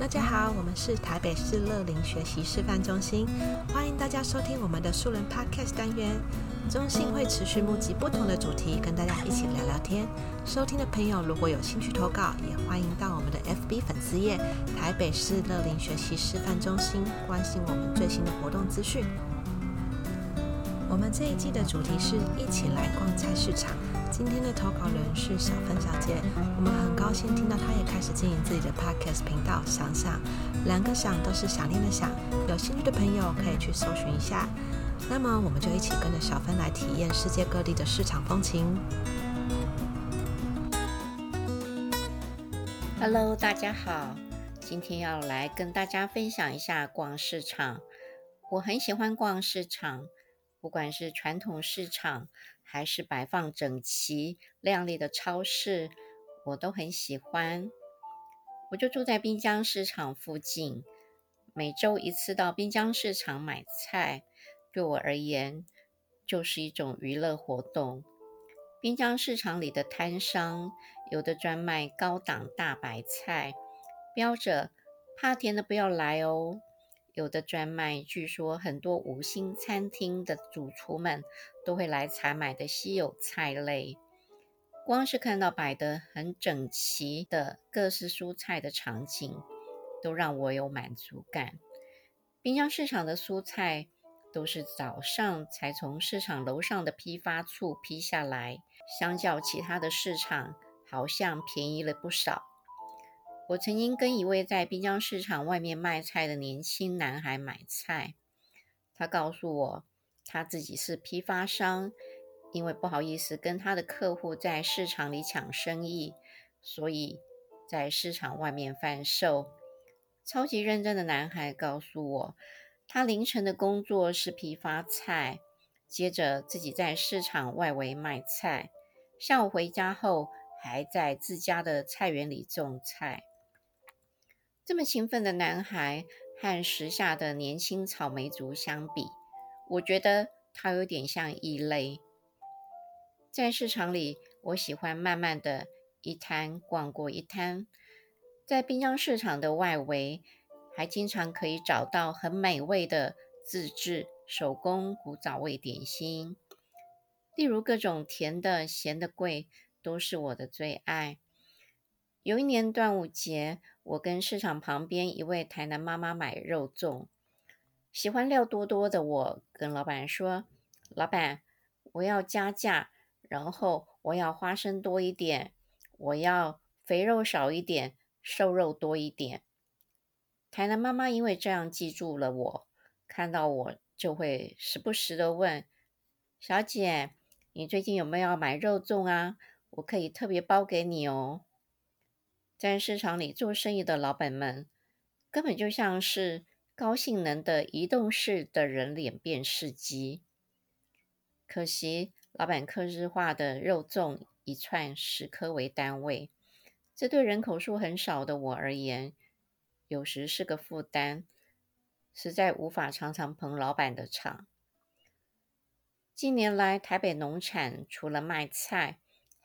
大家好，我們是台北市樂齡學習示範中心，歡迎大家收聽我們的素人 Podcast 單元。中心會持續募集不同的主題，跟大家一起聊聊天。收聽的朋友如果有興趣投稿，也歡迎到我們的 FB 粉絲頁“台北市樂齡學習示範中心”，關心我們最新的活動資訊。我們這一季的主題是一起來逛菜市場。今天的投稿人是小芬小姐，我們很高興聽到她也開始經營自己的 Podcast 頻道。想想，兩個“想”都是想念的“想”，有興趣的朋友可以去搜尋一下。那麼，我們就一起跟着小芬來體驗世界各地的市場風情。Hello，大家好，今天要來跟大家分享一下逛市場。我很喜歡逛市場，不管是傳統市場，還是擺放整齊、亮麗的超市，我都很喜歡。我就住在濱江市場附近，每周一次到濱江市場買菜，對我而言就是一種娛樂活動。濱江市場裡的攤商，有的專賣高檔大白菜，標着“怕甜的不要來哦”。有的專賣，據說很多五星餐廳的主廚們都會來採買的稀有菜類。光是看到擺得很整齊的各式蔬菜的場景，都讓我有滿足感。濱江市場的蔬菜都是早上才從市場樓上的批發處批下來，相較其他的市場，好像便宜了不少。我曾經跟一位在濱江市場外面賣菜的年輕男孩買菜，他告訴我，他自己是批發商，因為不好意思跟他的客戶在市場裡搶生意，所以在市場外面販售。超級認真的男孩告訴我，他凌晨的工作是批發菜，接着自己在市場外圍賣菜，下午回家後還在自家的菜園裡種菜。這麼勤奮的男孩和時下的年輕草莓族相比，我覺得他有點像異類。在市場裡，我喜歡慢慢的一攤逛過一攤。在濱江市場的外圍，還經常可以找到很美味的自製手工古早味點心，例如各種甜的、鹹的貴、貴都是我的最愛。有一年端午節，我跟市場旁邊一位台南媽媽買肉粽。喜歡料多多的我，跟老板說：“老板，我要加價，然後我要花生多一點，我要肥肉少一點，瘦肉多一點。”台南媽媽因為這樣記住了我，看到我就會時不時的問：“小姐，你最近有沒有買肉粽啊？我可以特別包給你哦。”在市場裡做生意的老板們，根本就像是高性能的移動式的人臉辨識機。可惜老板客製化的肉粽一串十顆為單位，這對人口數很少的我而言，有時是個負擔，實在無法常常捧老板的場。近年來，台北農產除了賣菜。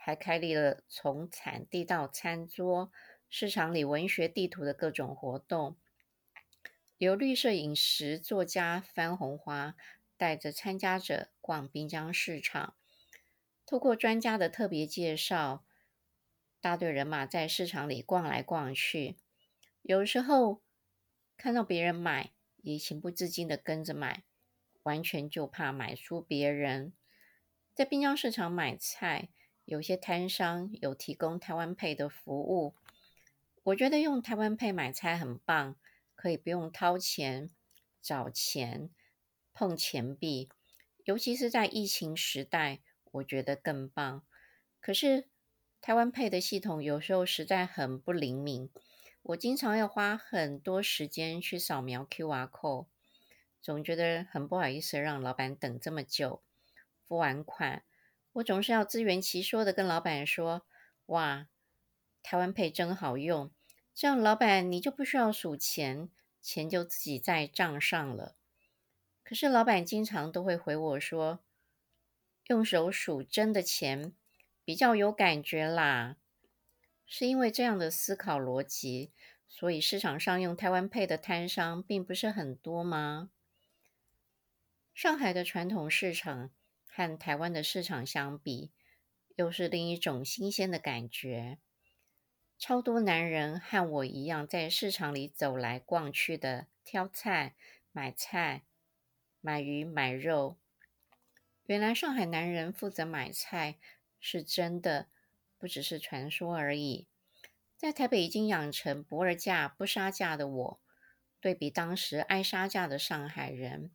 還開立了從產地到餐桌、市場裡文學地圖的各種活動。由綠色飲食作家番紅花帶着參加者逛濱江市場，透過專家的特別介紹，大隊人馬在市場裡逛來逛去。有時候看到別人買，也情不自禁地跟着買，完全就怕買輸別人。在濱江市場買菜。有些攤商有提供台灣 Pay 的服務，我覺得用台灣 Pay 買菜很棒，可以不用掏錢、找錢、碰錢幣，尤其是在疫情時代，我覺得更棒。可是台灣 Pay 的系統有時候實在很不靈敏，我經常要花很多時間去掃描 QR code，總覺得很不好意思讓老闆等這麼久，付完款。我總是要自圓其說的跟老板說：“哇，台灣 Pay 真好用。”這樣老板你就不需要數錢，錢就自己在賬上了。可是老板經常都會回我說：“用手數真的錢比較有感覺啦。”是因為這樣的思考邏輯，所以市場上用台灣 Pay 的攤商並不是很多嗎？上海的傳統市場。和台灣的市場相比，又是另一種新鮮的感覺。超多男人和我一樣，在市場裡走來逛去的挑菜、買菜、買魚、買肉。原來上海男人負責買菜是真的，不只是傳說而已。在台北已經養成不二價、不殺價的我，對比當時愛殺價的上海人，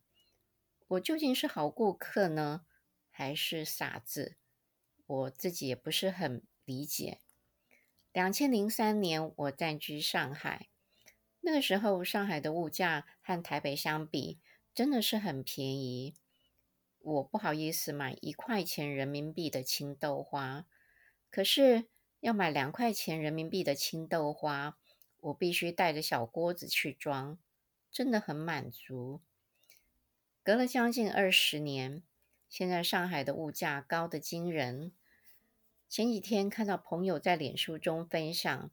我究竟是好顧客呢？還是傻子，我自己也不是很理解。2003年，我暫居上海，那個時候上海的物價和台北相比，真的是很便宜。我不好意思買一塊錢人民幣的青豆花，可是要買兩塊錢人民幣的青豆花，我必須帶着小鍋子去裝，真的很滿足。隔了將近二十年。現在上海的物價高得驚人。前幾天看到朋友在臉書中分享，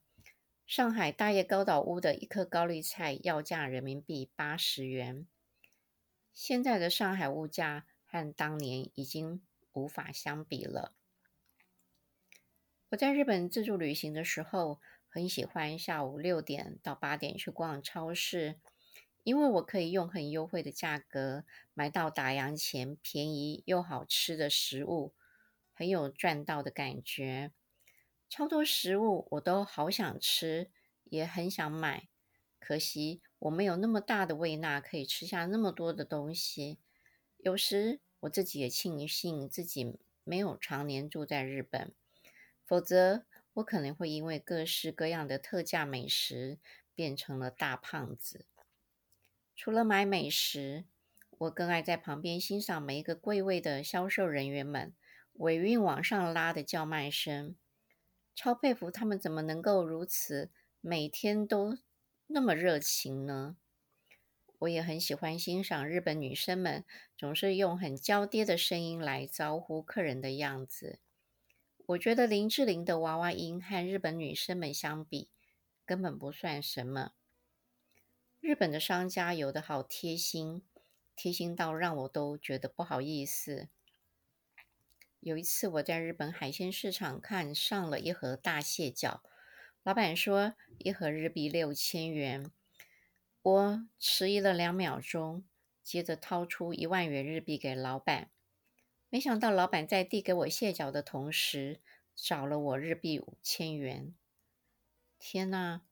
上海大葉高島屋的一顆高麗菜要價人民幣八十元。現在的上海物價和當年已經無法相比了。我在日本自助旅行的時候，很喜歡下午六點到八點去逛超市。因為我可以用很優惠的價格買到打烊前便宜又好吃的食物，很有賺到的感覺。超多食物我都好想吃，也很想買，可惜我沒有那麼大的胃納可以吃下那麼多的東西。有時我自己也慶幸自己沒有常年住在日本，否則我可能會因為各式各樣的特價美食變成了大胖子。除了買美食，我更愛在旁邊欣賞每一個櫃位的銷售人員們尾韻往上拉的叫賣聲，超佩服他們怎麼能夠如此每天都那麼熱情呢？我也很喜歡欣賞日本女生們總是用很嬌嗲的聲音來招呼客人的樣子，我覺得林志玲的娃娃音和日本女生們相比根本不算什麼。日本的商家有的好貼心，貼心到讓我都覺得不好意思。有一次，我在日本海鮮市場看上了一盒大蟹腳，老闆說一盒日幣六千元，我遲疑了兩秒鐘，接着掏出一萬元日幣給老闆。沒想到老闆在遞給我蟹腳的同時，找了我日幣五千元。天哪！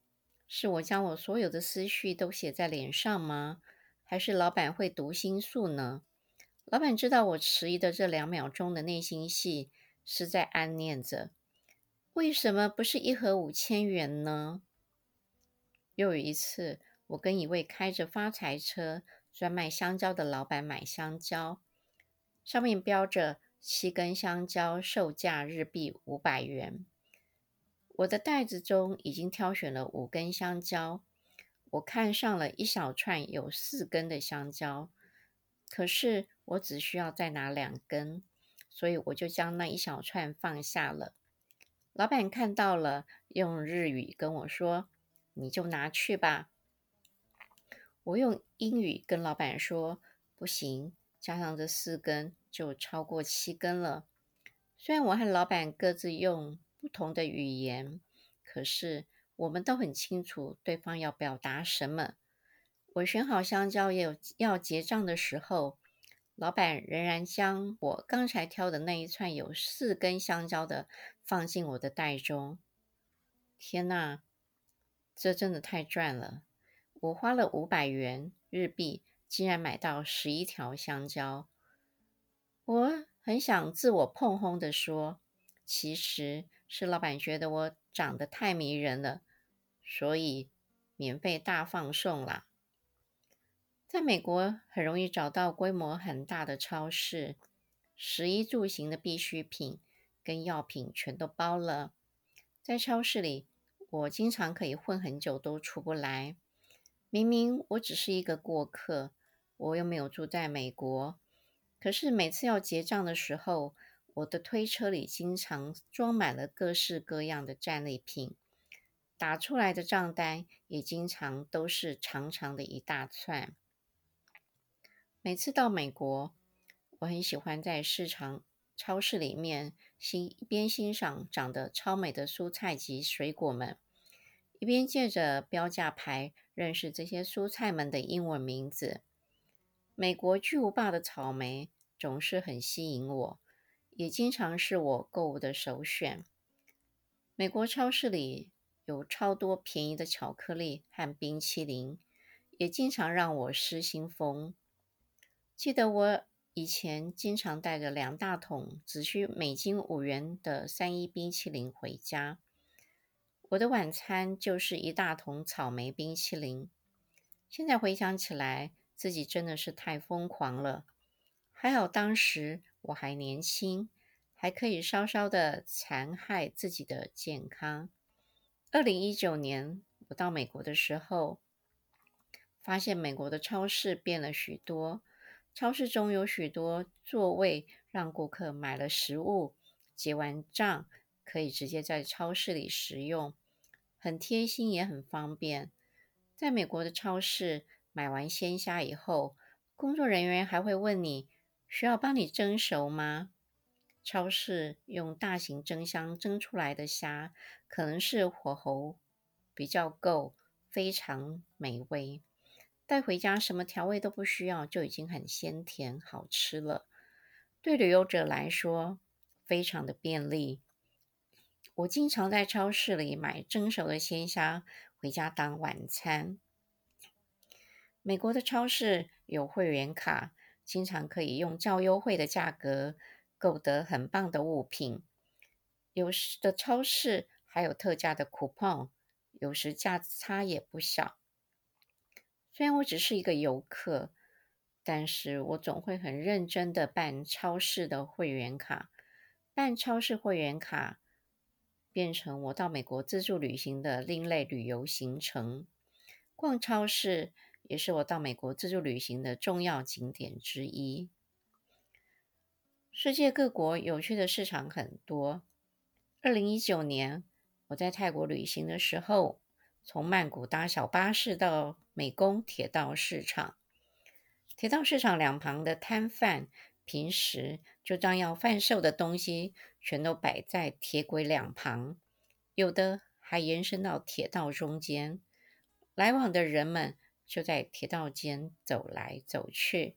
是我將我所有的思緒都寫在臉上嗎？還是老闆會讀心術呢？老闆知道我遲疑的這兩秒鐘的內心戲，是在暗戀着：為什麼不是一盒五千元呢？又有一次，我跟一位開着發財車、專賣香蕉的老闆買香蕉，上面標着七根香蕉售價日幣五百元。我的袋子中已經挑選了五根香蕉，我看上了一小串有四根的香蕉，可是我只需要再拿兩根，所以我就將那一小串放下了。老板看到了，用日語跟我說：“你就拿去吧。”我用英語跟老板說：“不行，加上這四根就超過七根了。”雖然我和老板各自用。不同的語言，可是我們都很清楚對方要表達什麼。我選好香蕉，也要結賬的時候，老闆仍然將我剛才挑的那一串有四根香蕉的放進我的袋中。天哪，這真的太賺了！我花了五百元日幣，竟然買到十一條香蕉。我很想自我膨風地說，其實。是老闆覺得我長得太迷人了，所以免費大放送啦。在美國很容易找到規模很大的超市，食衣住行的必需品跟藥品全都包了。在超市裡，我經常可以混很久都出不來。明明我只是一個過客，我又沒有住在美國，可是每次要結賬的時候，我的推車裡經常裝滿了各式各樣的戰利品，打出來的賬單也經常都是長長的一大串。每次到美國，我很喜歡在市場、超市裡面欣一邊欣賞長得超美的蔬菜及水果們，一邊借着標價牌認識這些蔬菜們的英文名字。美國巨無霸的草莓總是很吸引我。也經常是我購物的首選。美國超市裡有超多便宜的巧克力和冰淇淋，也經常讓我失心瘋。記得我以前經常帶個兩大桶，只需美金五元的三一冰淇淋回家，我的晚餐就是一大桶草莓冰淇淋。現在回想起來，自己真的是太瘋狂了。還好當時，我還年輕，還可以稍稍的殘害自己的健康。二零一九年我到美國的時候，發現美國的超市變了許多。超市中有許多座位，讓顧客買了食物，結完賬可以直接在超市裡食用，很貼心也很方便。在美國的超市買完鮮蝦以後，工作人員還會問你。需要幫你蒸熟嗎？超市用大型蒸箱蒸出來的蝦，可能是火候比較夠，非常美味。帶回家什麼調味都不需要，就已經很鮮甜好吃了。對旅遊者來說，非常的便利。我經常在超市裡買蒸熟的鮮蝦回家當晚餐。美國的超市有會員卡。經常可以用較優惠的價格購得很棒的物品，有時的超市還有特價的 coupon，有時價差也不小。雖然我只是一個遊客，但是我總會很認真的辦超市的會員卡。辦超市會員卡變成我到美國自助旅行的另類旅遊行程，逛超市。也是我到美國自助旅行的重要景點之一。世界各國有趣的市場很多。二零一九年我在泰國旅行的時候，從曼谷搭小巴士到美功鐵道市場。鐵道市場兩旁的攤販平時就將要販售的東西全都擺在鐵軌兩旁，有的還延伸到鐵道中間。來往的人們。就在鐵道間走來走去。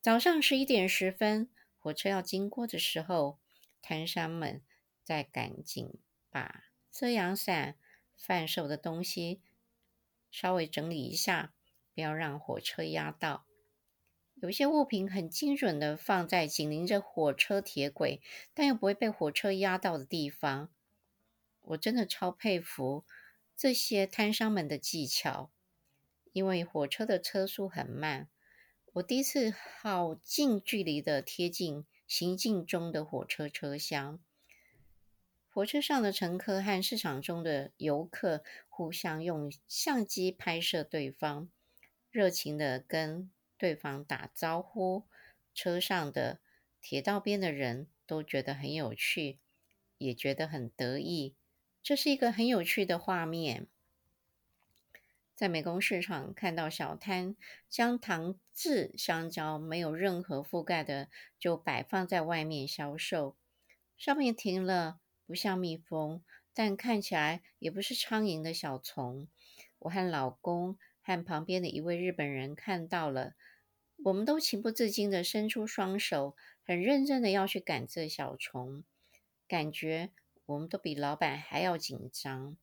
早上十一點十分，火車要經過的時候，攤商們在趕緊把遮陽傘、販售的東西稍微整理一下，不要讓火車壓到。有一些物品很精準的放在緊鄰着火車鐵軌，但又不會被火車壓到的地方。我真的超佩服這些攤商們的技巧。因為火車的車速很慢，我第一次好近距離的貼近行進中的火車車廂。火車上的乘客和市場中的游客互相用相機拍攝對方，熱情的跟對方打招呼。車上的、鐵道邊的人都覺得很有趣，也覺得很得意。這是一個很有趣的畫面。在美工市場看到小攤，將糖漬香蕉沒有任何覆蓋的就擺放在外面銷售。上面停了不像蜜蜂，但看起來也不是蒼蠅的小蟲。我和老公和旁邊的一位日本人看到了，我們都情不自禁地伸出雙手，很認真的要去趕這小蟲，感覺我們都比老闆還要緊張。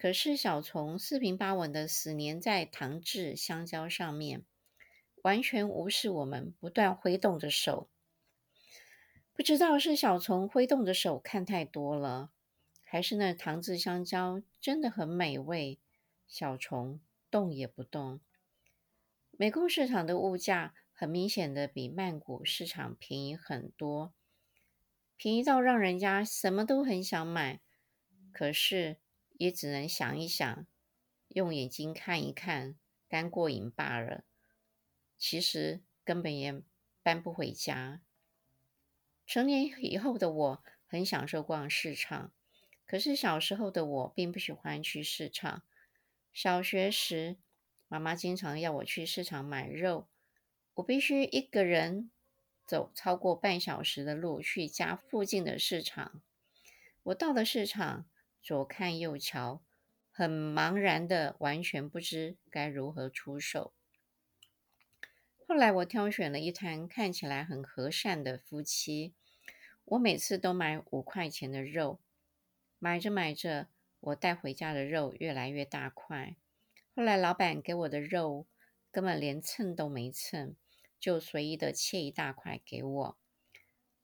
可是小蟲四平八穩的死粘在糖制香蕉上面，完全無視我們不斷揮動的手。不知道是小蟲揮動的手看太多了，還是那糖制香蕉真的很美味，小蟲動也不動。美功市場的物價很明顯的比曼谷市場便宜很多，便宜到讓人家什麼都很想買。可是。也只能想一想，用眼睛看一看，乾過癮罷了。其實根本也搬不回家。成年以後的我很享受逛市場，可是小時候的我並不喜歡去市場。小學時，媽媽經常要我去市場買肉，我必須一個人走超過半小時的路去家附近的市場。我到了市場。左看右瞧，很茫然的，完全不知該如何出手。後來我挑選了一攤看起來很和善的夫妻，我每次都買五塊錢的肉，買着買着，我帶回家的肉越來越大塊。後來老闆給我的肉根本連稱都沒稱，就隨意的切一大塊給我，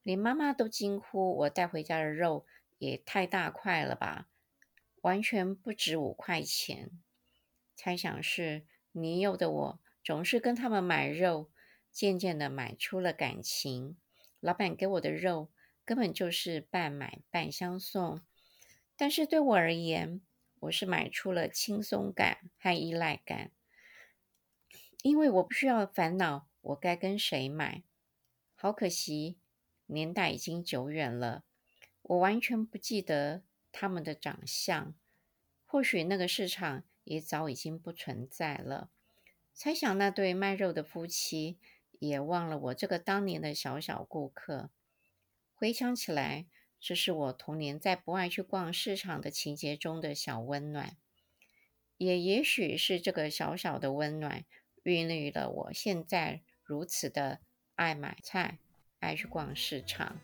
連媽媽都驚呼我帶回家的肉也太大塊了吧！完全不止五塊錢。猜想是年幼的我總是跟他們買肉，漸漸的買出了感情。老闆給我的肉根本就是半買半相送，但是對我而言，我是買出了輕鬆感和依賴感，因為我不需要煩惱我該跟誰買。好可惜，年代已經久遠了。我完全不記得他們的長相，或許那個市場也早已經不存在了。猜想那對賣肉的夫妻也忘了我這個當年的小小顧客。回想起來，這是我童年在不愛去逛市場的情節中的小溫暖，也也許是這個小小的溫暖孕育了我現在如此的愛買菜、愛去逛市場。